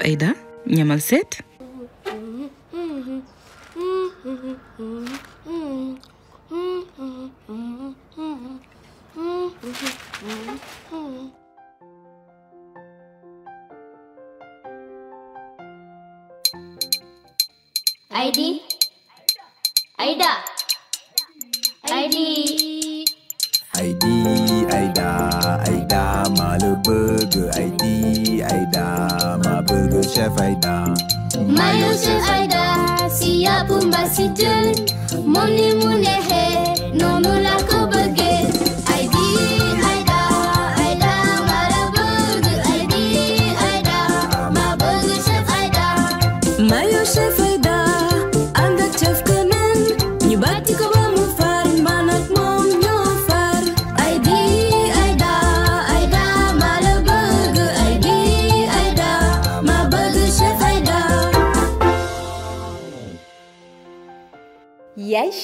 yëpp ay da ñamal seet Yusuf Aida. Ma Yusuf Aida, si ya pumba si jel, moni munehe, no mula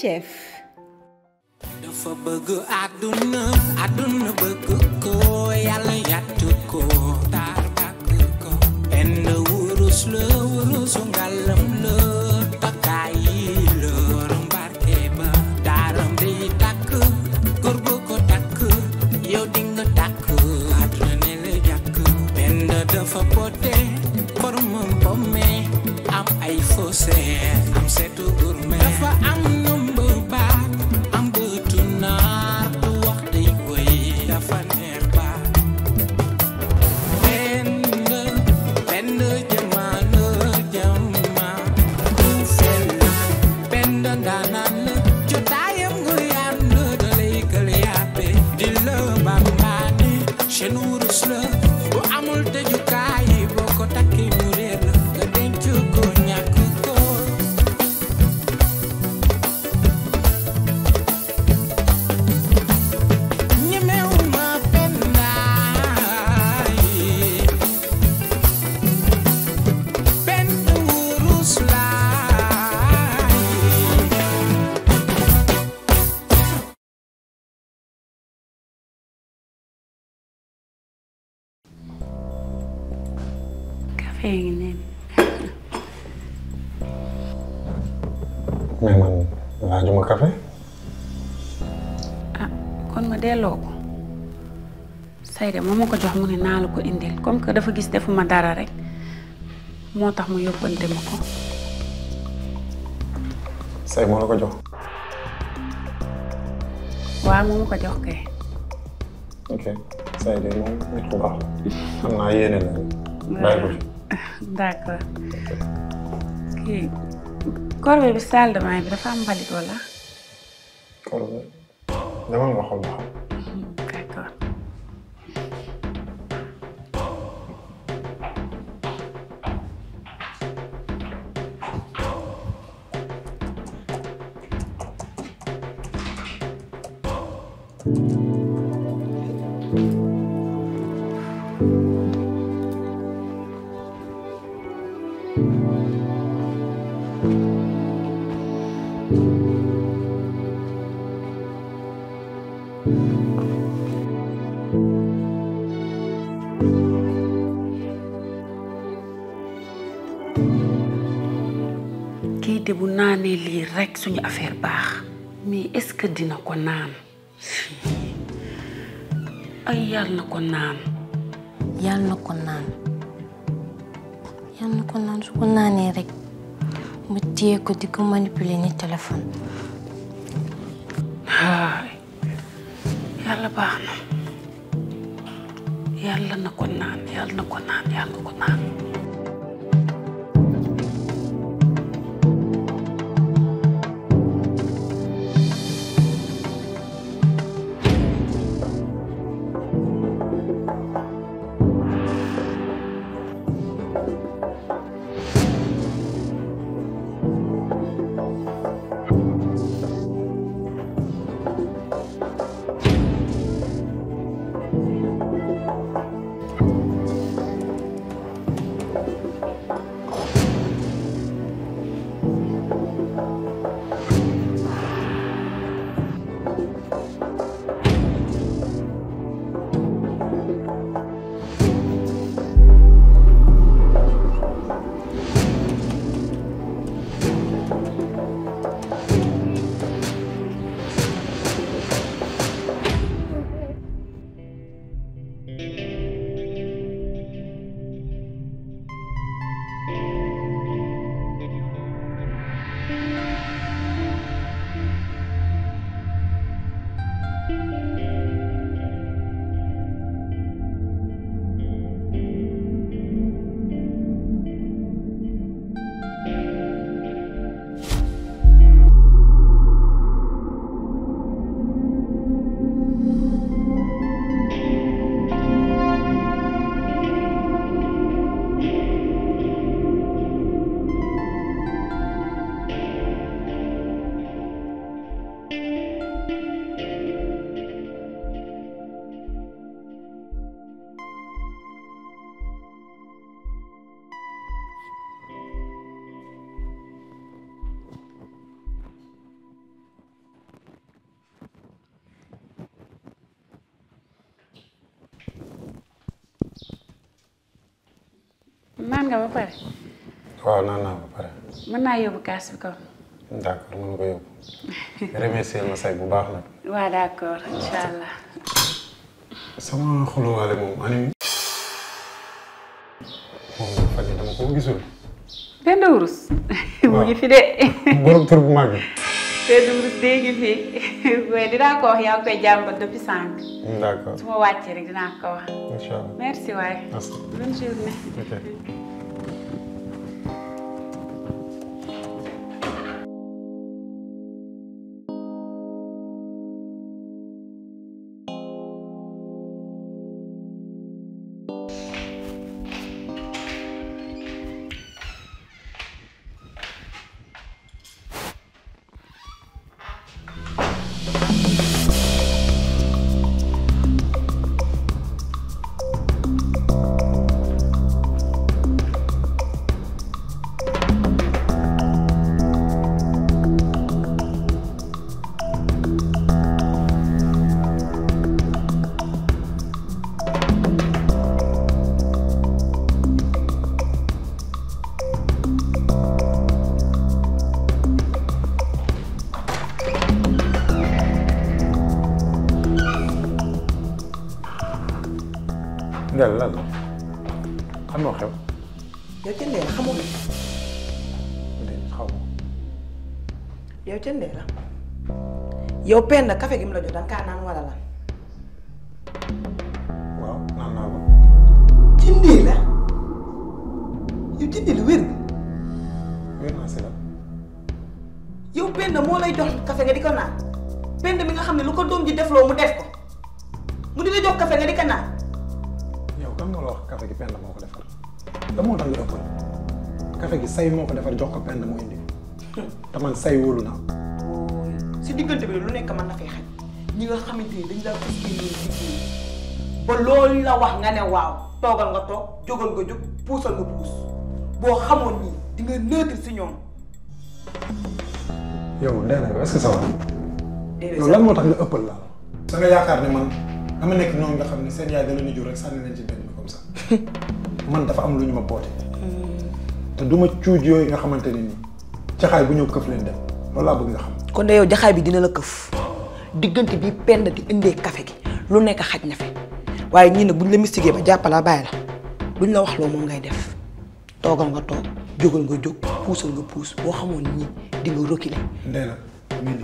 chef. a bëgg àdduna àdduna bëgg ko yàlla yàttu tey de moo ma ko jox mu ne naa la ko indil comme que dafa gis defuma dara rek moo tax mu yóbbante ma ko. say moo la ko jox. waaw moo ma ko jox kay. say de moom nit xam naa yéene la bàyyi kii corbe bi salle de bi dafa am mbalit wala. corbe demal nga xool bu naanee lii rekk suñu affaire baax mais est-ce que dina ko naan ay yàlla na ko naan yàlla na ko naan su ko naanee rekk ma téye ko di ko manipuler ni téléphone yàlla baax na yàlla na ko naan yàlla na ko naan yàlla ko naan nga ba pare. waaw naan naa ba pare. mën naa yóbbu kaas bi kaw. d' accord mën nga ko yóbbu. remercier ma say bu baax nag. waaw d' accord incha allah. sama xoluwaale moom anim. moom la fan yii dama ko gisul. Penda Wurus. mu ngi fi de. borom tur bu mag bi. Penda Wurus dee ngi fi mais dinaa ko wax yaa ngi koy jàmbat depuis sànq. d' accord su ma wàccee rek dinaa ko wax. incha allah merci waay. bonne journée. yow cëndee la yow penn café gi mu la jox danga kaa naan wala la waaw naan naa ko cëndee la yow cëndee la wér wér naa si la yow penn moo lay jox café nga di ko naan penn mi nga xam ne lu ko doom ji defloo mu def ko mu di la jox café nga di ko naan yow kan moo la wax café gi penn moo ko defar la moo tax nga ëpp café gi say moo ko defar jox ko penn mu indi taman saya say wóolu naa si diggante bi lu nekk mën na fay xaj ñi nga xamante ni dañ laa fas yéene liggéey ba loolu la wax nga ne waaw toogal nga toog jógal nga jóg puusal nga puus boo xamoon nii di nga neutre si ñoom. yow Ndeye est-ce que ça va. lan nga ëppal nga yaakaar man dama nekk noonu nga xam seen yaay da leen di jur rek sànni leen ci benn comme ça man dafa am lu ma te nga jaxaay bu ñëw këf leen dem loolu laa bëgg nga xam. kon de yow jaxaay bi dina la këf diggante bi pend di indee kafe gi lu nekk xaj na fi waaye ñii nag buñ la mistigee ba jàppalaa bàyyi la luñ la wax loo moom ngay def toogal nga toog jógal nga jóg puusal nga puus boo xamoon ñi di nga reculer. na muy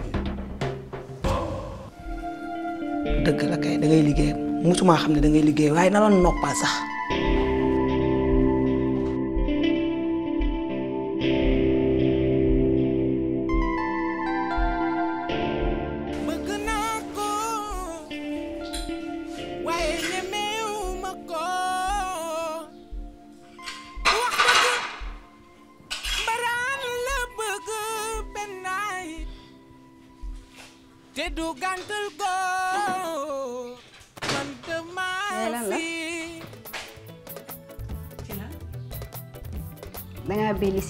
dëgg la kay da ngay liggéey mosumaa xam ne da ngay liggéey waaye na la noppal sax.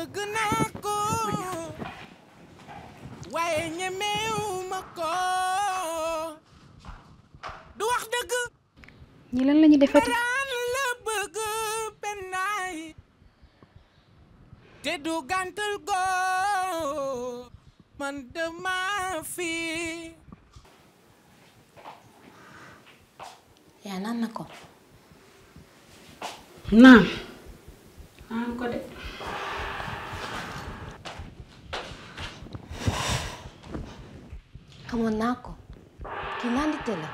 bëgg naa ko waaye ñemewuma ko du wax dëgg ñi lan la defati la bëgg te du gàntal ko man dama yaa naan na ko naam naan ko de kamu nako kinanitela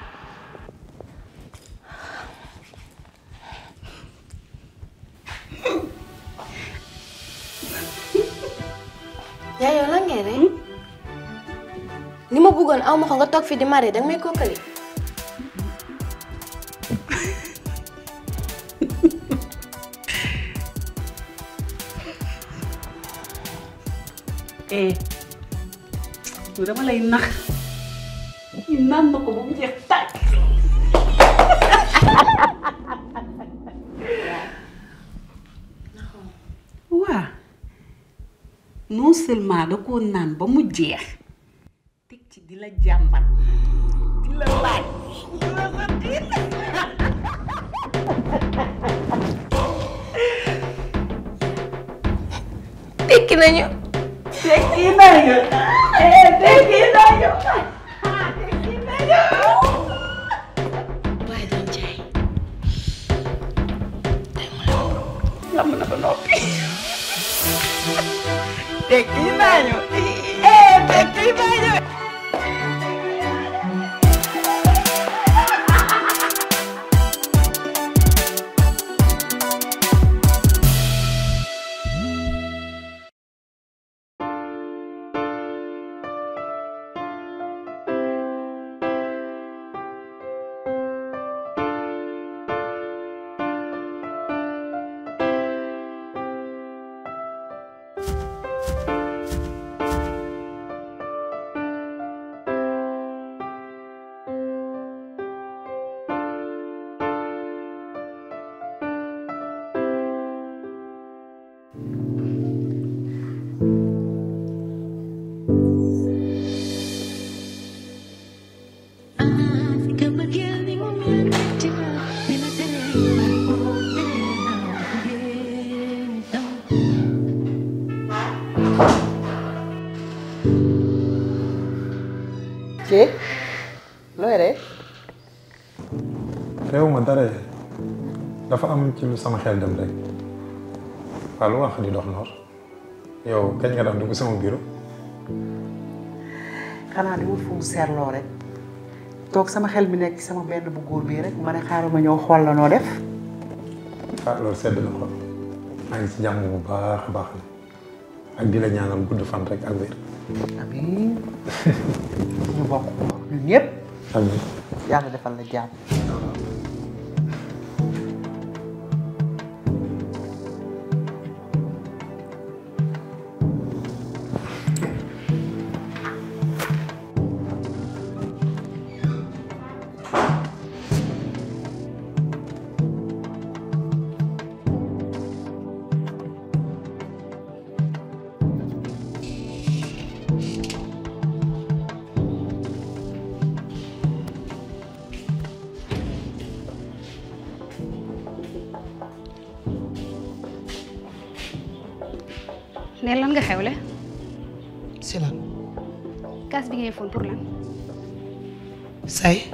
yayo ya, langere eh, hmm? ni ma bugon aw mo ko tok fi di mare me ko kali. eh udah malah enak. kii naan na ko ba mu jeex tàkk. waaw non da koo naan ba mu jeex teg ci di la jàmbat di la laaj di nañu tekki nañu eh, Why don't I? Lama na ba dafa am ci lu sama xel dem rek waaw lu wax di dox noor yow kañ nga daan dugg sama biiru xanaa di wut fu mu rek toog sama xel bi nekk sama benn bu góor bii rek ma ne xaaral ma ñëw xool la noo def. ah loolu sedd na xool maa ngi si jàmm bu baax a baax ak di la ñaanal gudd fan rek ak wér. amin ñu bokk ñun ñëpp. amin yàlla defal la jàmm. ne lan nga xewle si lan kaas bi ngay fon pour lan say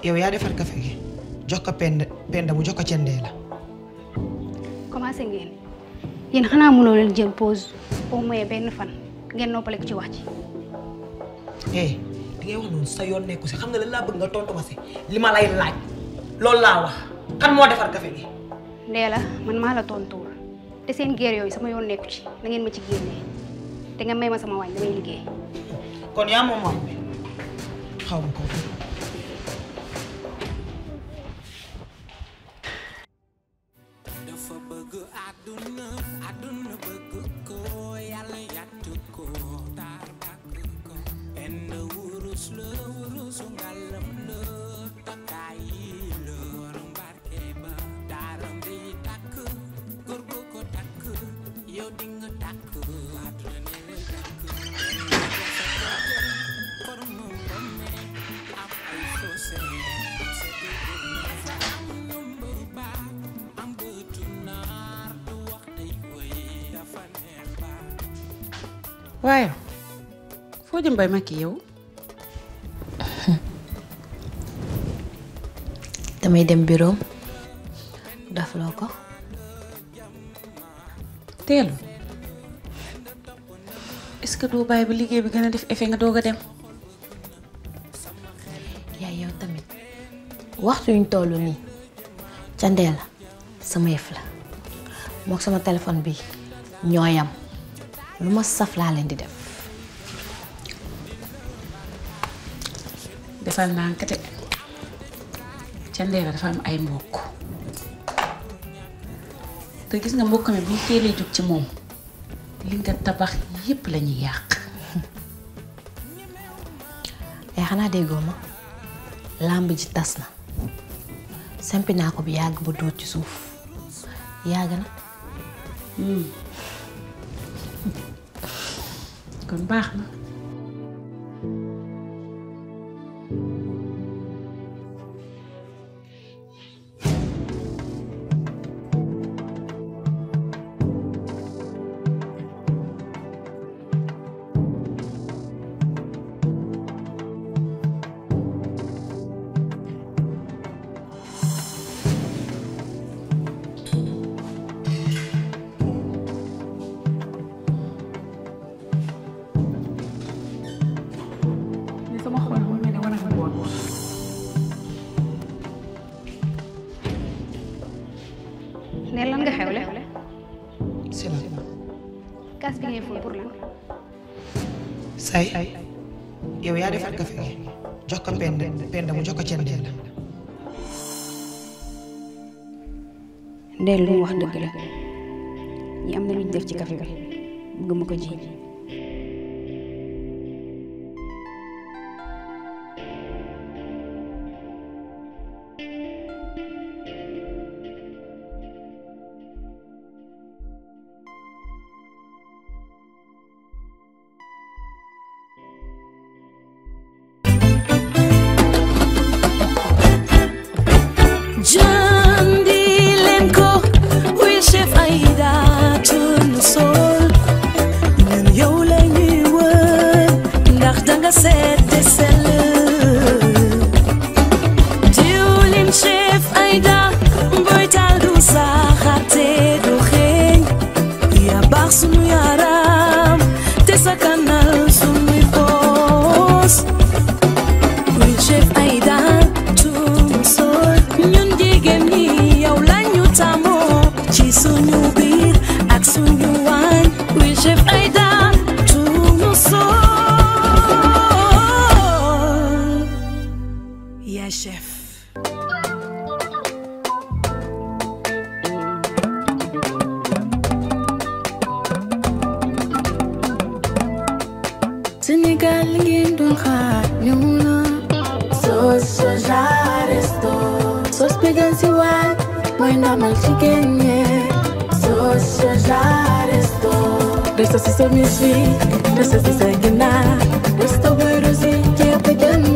yow yaa defar kafe gi jox ko pend pend mu jox ko cendee la commencé ngeen yéen xanaa mënoo leen jël pause au moins benn fan ngeen noppale ko ci ci eh di ngay wax noonu sa yoon nekku si xam nga lan laa bëgg nga tontu ma si li ma lay laaj loolu laa wax kan moo defar kafe gi ndee la man maa la te seen géer yooyu sama yoon nekku ci na ngeen ma ci génnee te nga may ma sama waañ damay liggéey. kon yaa moom waañ xaw ma ko. waaye Fo jëm bay Macky yow. damay dem bureau daf ko. teelu est-ce que doo bàyyi ba liggéey bi gën a def effet nga doog a dem. yaay yow tamit waxtu yuñ toll nii sama yëf la sama téléphone bi ñooyam. lu ma saf laa leen di def. defal naa ca Ndeela ay mbokk te gis nga mbokk mi bu teelee jóg ci moom li nga tabax yépp lañuy yàq yaa eh, xanaa déggoo ma làmb ji tas na sempi naa ko bi yàgg ba dóor ci suuf yàgg na hmm. kon baax na when I'm a chicken, yeah. So, so, žaresto. Desta si se mi svi, desta si se gina. Desta veru zi, tě petem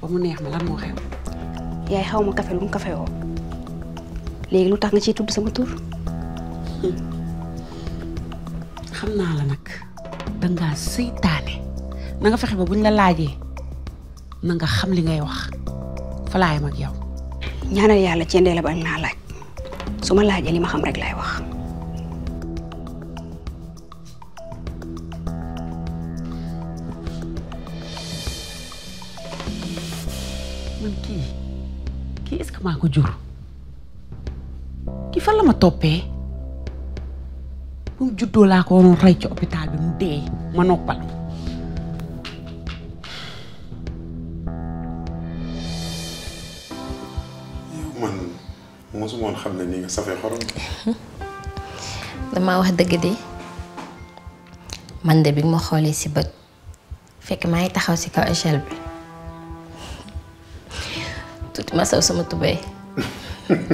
ba mu neex ma lan moo xew. yaay xaw ma kafe lu mu kafe woo léegi lu tax nga ci tudd sama tur. xam naa la nag dangaa seytaane na nga fexe ba buñ la laajee na nga xam li ngay wax fa laay mag yow. ñaanal yàlla cendee la ba naa laaj su ma laajee li ma xam rek laay wax. man ki ki est-ce que ko jur ki fa la ma topé bu juddo la ko won ray ci hôpital bi mu dé ma noppal mo su xam xamné ni nga safé xorom. dama wax deug de man dé bi ma xolé ci bëc fekk maa ngi taxaw ci kaw échelle bi masa isso mutu bem.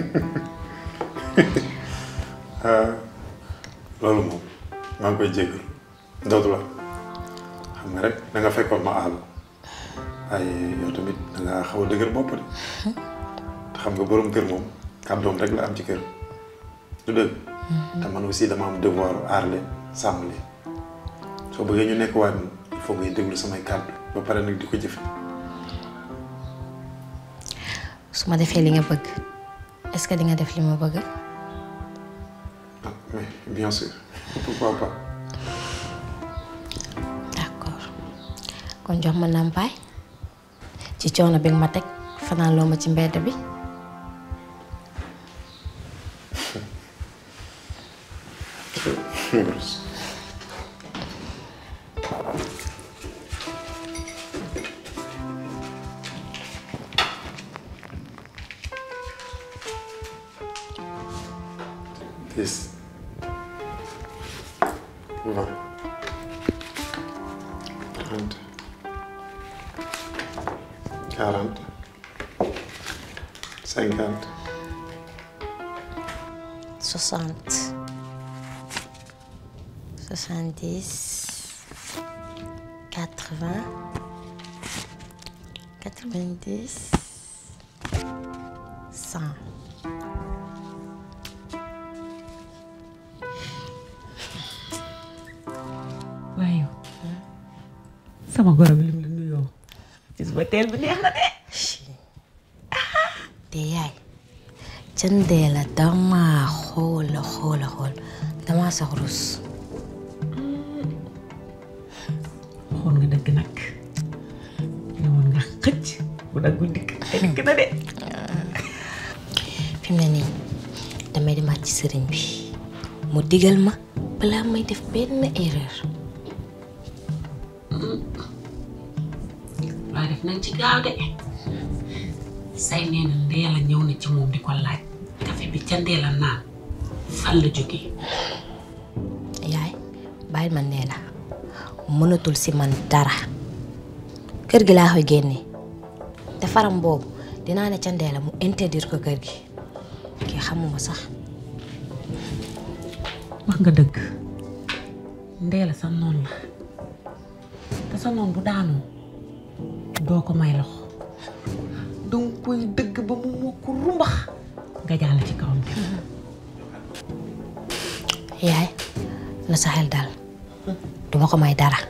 Eh, lalu mau mang kwe jeger, dodula, hamere, nanga fai kwa maalo, Ayo tuh ya mit nanga kawo deger mo pori, ham go borong ker mo, kam dong regla hmm. am jeger, dudeg, taman wisi dama am devoar arle, samle, so begini nyo nek wan, fogai deger lu samai kardu, bapare nek su ma defee li nga bëgg est-ce que di nga def li ma bëgg. ah kon jox ma nàmpaay ci coono bi nga ma teg fanaan ma ci mbedd bi. mais yaay cëndee la dama xoola xoola xool dama sax rus xool ah. nga dëgg nag ñëwoon ne nii damay demaat ci sëriñ bi mu digal ma balaa may def benn erreur mm. say nee na Ndéla ñëw na ci moom di ko laaj café bi ca Ndéla naan fan la jógee. yaay bàyyi ma Ndéla mënatul si man dara kër gi laa koy génne te faram boobu dinaa ne ca Ndéla mu interdire ko kër gi kii xamuma sax. wax nga dëgg Ndéla sa noon la te sa noon bu daanoo doo ko may loxo. ku rumbax nga jàll ci kawam dem yaay na sa xel daal duma ko may dara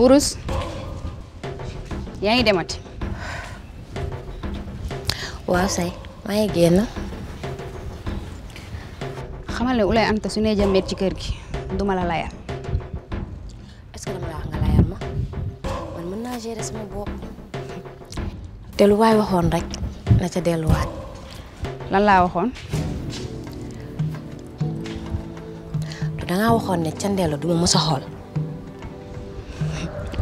urus yang ide mati Wow say maa ngi Kamu xamal ne ulay anta su ne jàmmeet ci kër gi duma la layal est ce que dama la wax nga layal ma man mën naa gérer sama bopp te lu waay waxoon rek na ca delluwaat lan laa waxoon da ngaa waxoon ne candeelu duma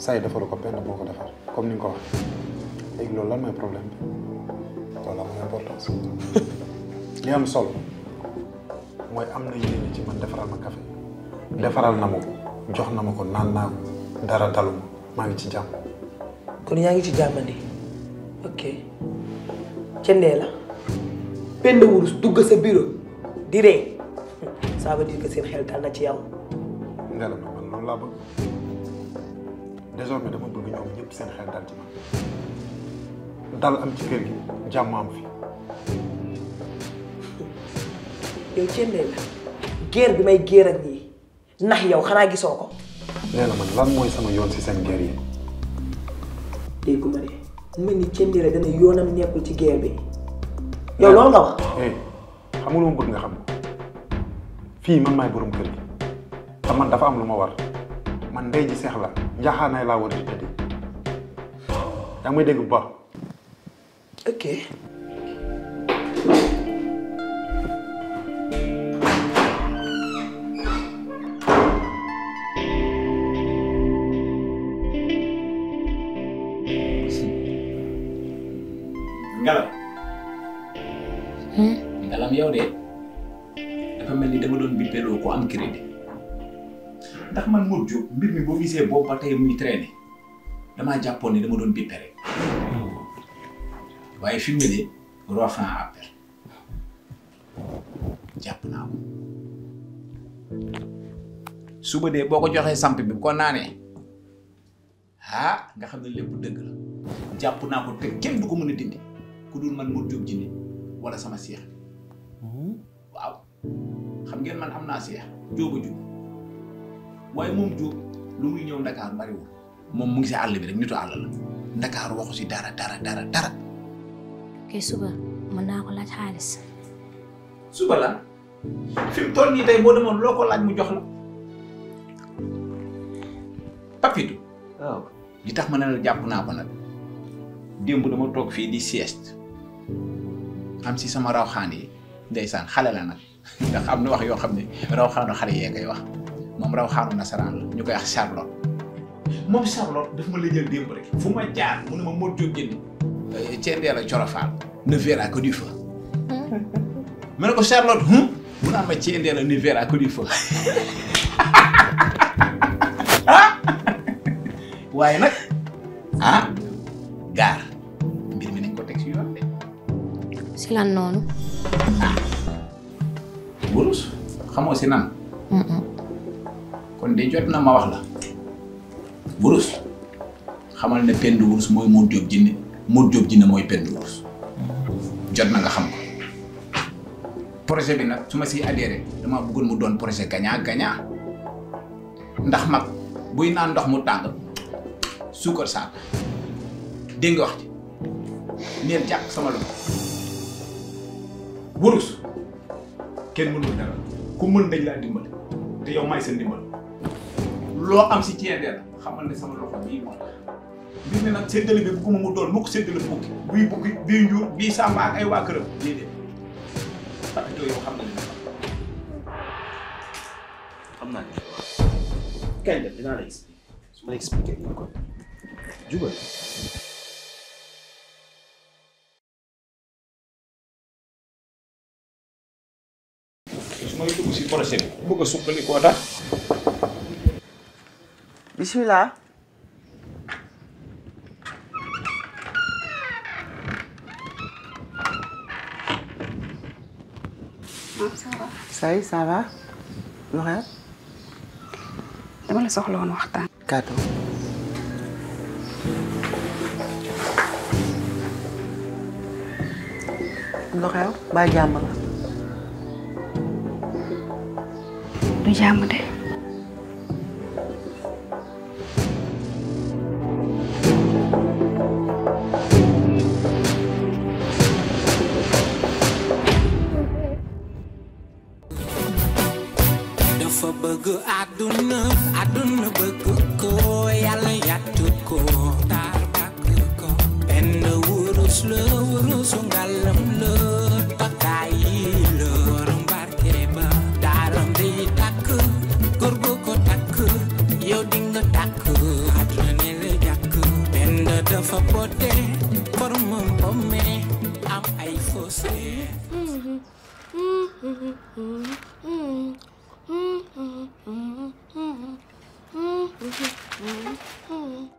Saya yi defaru ko benn boo defar comme ni nga ko waxee léegi loolu lan mooy problème bi loolu amul importance li am solo mooy am na yéene ci man defaral ma café defaral na ma ko jox na ma ko naan naa ko dara daluma maa ngi ci jàmm. kon yaa ngi ci jàmmandi ok la wurus dugg sa bureau ça veut dire que c'est xel dal na ci yow. ngelaw na man désormais dama bëgg ñoom ñëpp seen xel dal ci man dal am ci kër gi jàmm am fi. yow cëndee bi may géer ak ñii ndax yow xanaa gisoo ko. nee man lan mooy sama yoon si seen géer yi. déggu ma de mu ni cëndee la dana yoonam nekkul ci géer bi yow loolu nga wax. xam ma bëgg nga xam fii man maay borom kër gi te man dafa am lu ma war. man ndey ji seex la njaaxaanaay la wone di tëddi yaa may deg bu ok ngalam ngalam yow de dafa mel dama ko ndax man mo Diop mbir mi bo visé bo batay muy traîné dama jàppoon ne dama don bippe rek hmm. waaye fi mu ne de roi appel japp na ko suba dé boko joxé samp bi ko nané ha ah, nga xamné lepp deug la japp na ko té kenn du ko mëna dindi ku dul man mo Diop jinne wala sama cheikh hmm. waaw xam ngeen man amna cheikh seex djou waye mom Diop lu muy ñew Dakar wu mom mu ngi ci all bi rek nitu all la Dakar waxu si dara dara dara dara. ke suba mana na ko laj xaalis. suba la fim mu toll nii tey boo demoon loo ko mu jox la. Papito. oh li tax ma ne la ko nak dembu dama tok fi di sieste am ci sama rawxani xaan xalé la nak ndax am wax yo xam rawxanu xalé wax mom raw xaru nasaran ñu koy wax Charlotte mom Charlotte daf ma lay jël démb rek fu ma jaar mu ne ma Modou Diop génn eh, a corofaal ne verra que du feu hmm. mané ko Charlotte hum mu na ma ndé a ne verra que du feu waye nak ah Gar. mbir mi nañ ko tek ci yoon dé ci lan nonu ah. xamoo ci nan kon de jot na ma wax la burus xamal ne pendu burus moy mo Diop jinne mo Diop jinne moy pendu burus jot na nga xam ko projet bi nak suma ma adéré dama bëggul mu doon projet gagna gagna ndax mak buy naan ndox mu tang suukar sa de nga wax ji neel jak sama lu burus ken mënul dara ku mën dañ la dimbal te yow may sa dimbal lo am ci tiende la xamal ne sama loxo bi mo bi ni nak seddel bi bu ko mu doon mukk séddale fukki bu buggi bii njuur bii sàmba ak ay waa këram déedéet papito yow xam na li xam naa ne kañ la dinaa la expliqué su ma la ko jubal mooy dugg si projet bi bëgg a suqali tax bismillah ça y ça va waxaat dama la soxla woon waxtaan kàddu lu xew ba jàmm la du jàmm de I don't I do àdduna bëgg Mm -hmm.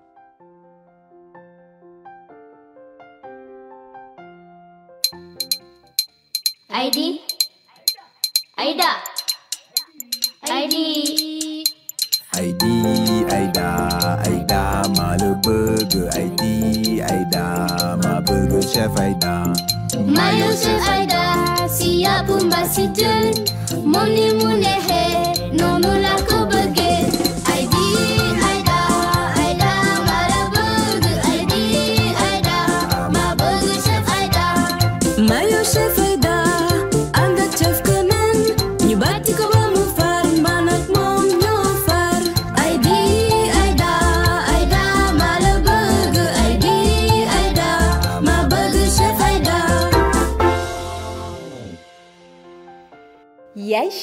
ID Aida ID ID Aida Aida ma le burger ID Aida ma burger chef Aida Mayo se Aida siya pumba si jun moni munehe no mula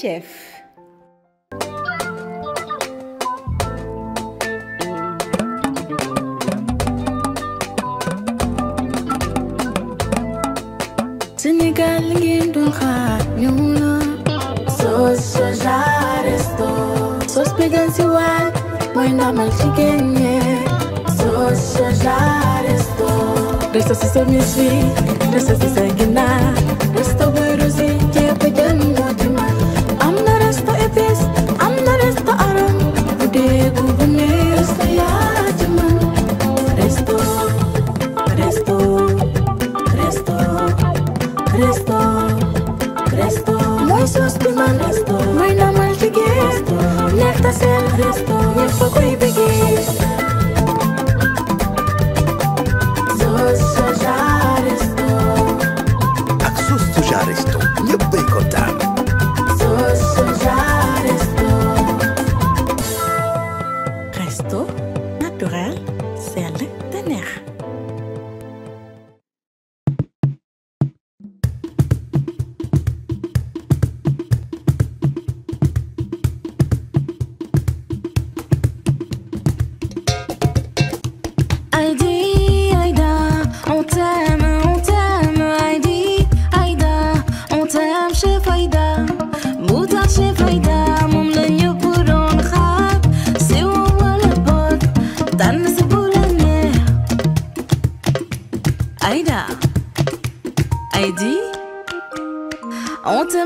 chef. Sénégal ngeen doon xaar ñëw na. Soos soja resto. Soos bégal si waat mooy ndamal jigéen ñe. Soos soja resto. Resto si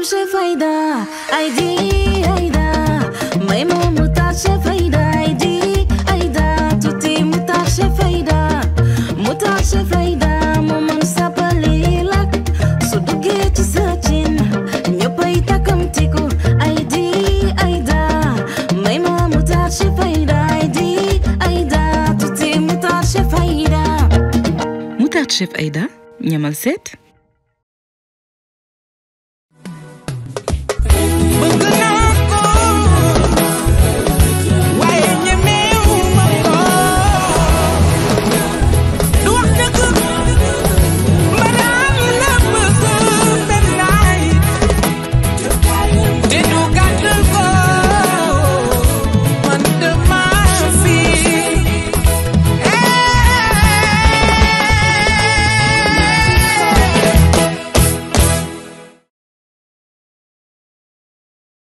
am ce vrei da Ai di, ai da Mai m-am mutat ce vrei da Ai di, ai da Tu te mutat ce vrei da Mutat ce vrei da Mă mă sa pe lilac Să duge ce să cin Nu păi cam ticu Ai di, ai da Mai m-am mutat ce vrei da Ai di, ai da Tu te mutat ce vrei da Mutat ce vrei da? Njamal set?